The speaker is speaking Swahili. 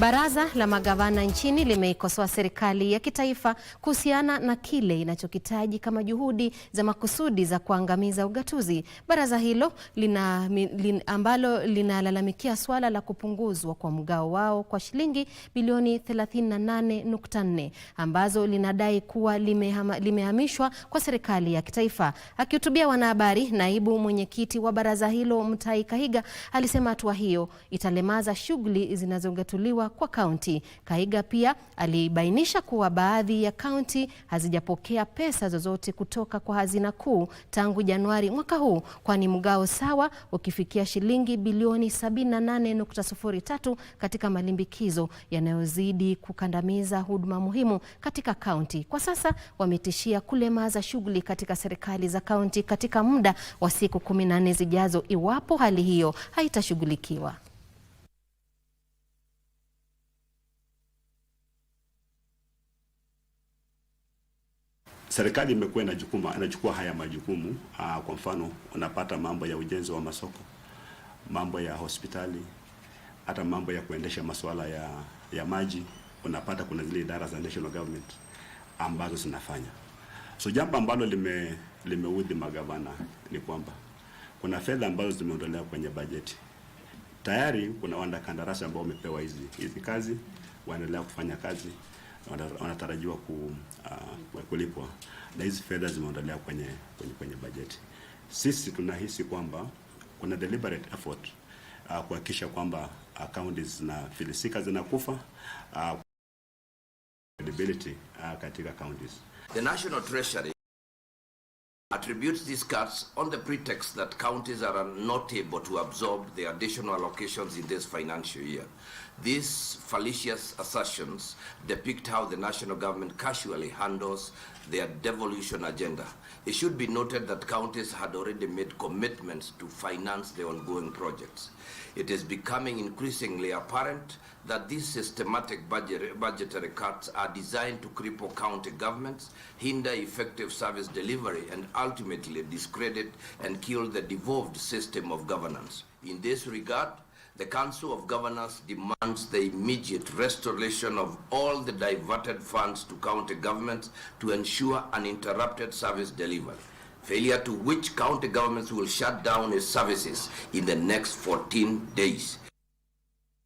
Baraza la magavana nchini limeikosoa serikali ya kitaifa kuhusiana na kile inachokitaji kama juhudi za makusudi za kuangamiza ugatuzi. Baraza hilo lina, lin, ambalo linalalamikia swala la kupunguzwa kwa mgao wao kwa shilingi bilioni 38.4 ambazo linadai kuwa limehama, limehamishwa kwa serikali ya kitaifa. Akihutubia wanahabari, naibu mwenyekiti wa baraza hilo Mutahi Kahiga alisema hatua hiyo italemaza shughuli zinazogatuliwa kwa kaunti. kaiga pia alibainisha kuwa baadhi ya kaunti hazijapokea pesa zozote kutoka kwa hazina kuu tangu Januari mwaka huu, kwani mgao sawa ukifikia shilingi bilioni 78.03 katika malimbikizo yanayozidi kukandamiza huduma muhimu katika kaunti. Kwa sasa wametishia kulemaza shughuli katika serikali za kaunti katika muda wa siku 14 zijazo iwapo hali hiyo haitashughulikiwa. serikali imekuwa inachukua inachukua haya majukumu uh, kwa mfano unapata mambo ya ujenzi wa masoko, mambo ya hospitali, hata mambo ya kuendesha masuala ya, ya maji. Unapata kuna zile idara za national government ambazo zinafanya so jambo ambalo lime limeudhi magavana ni kwamba kuna fedha ambazo zimeondolewa kwenye bajeti tayari. Kuna wanakandarasi ambao wamepewa hizi hizi kazi, waendelea kufanya kazi wanatarajiwa ku, uh, kulipwa na hizi fedha zimeondolewa kwenye, kwenye, kwenye bajeti. Sisi tunahisi kwamba kuna deliberate effort uh, kuhakikisha kwamba akaunti uh, zinafilisika zinakufa uh, credibility uh, katika counties. The National Treasury attributes these cuts on the pretext that counties are not able to absorb the additional allocations in this financial year. These fallacious assertions depict how the national government casually handles their devolution agenda. It should be noted that counties had already made commitments to finance the ongoing projects. It is becoming increasingly apparent that these systematic budget, budgetary cuts are designed to cripple county governments, hinder effective service delivery, and ultimately discredit and kill the devolved system of governance. In this regard, the Council of Governors demands the immediate restoration of all the diverted funds to county governments to ensure uninterrupted service delivery, failure to which county governments will shut down its services in the next 14 days.